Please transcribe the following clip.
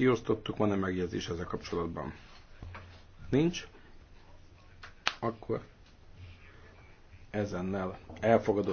kiosztottuk, van-e megjegyzés ezzel kapcsolatban? Nincs? Akkor ezennel elfogadott.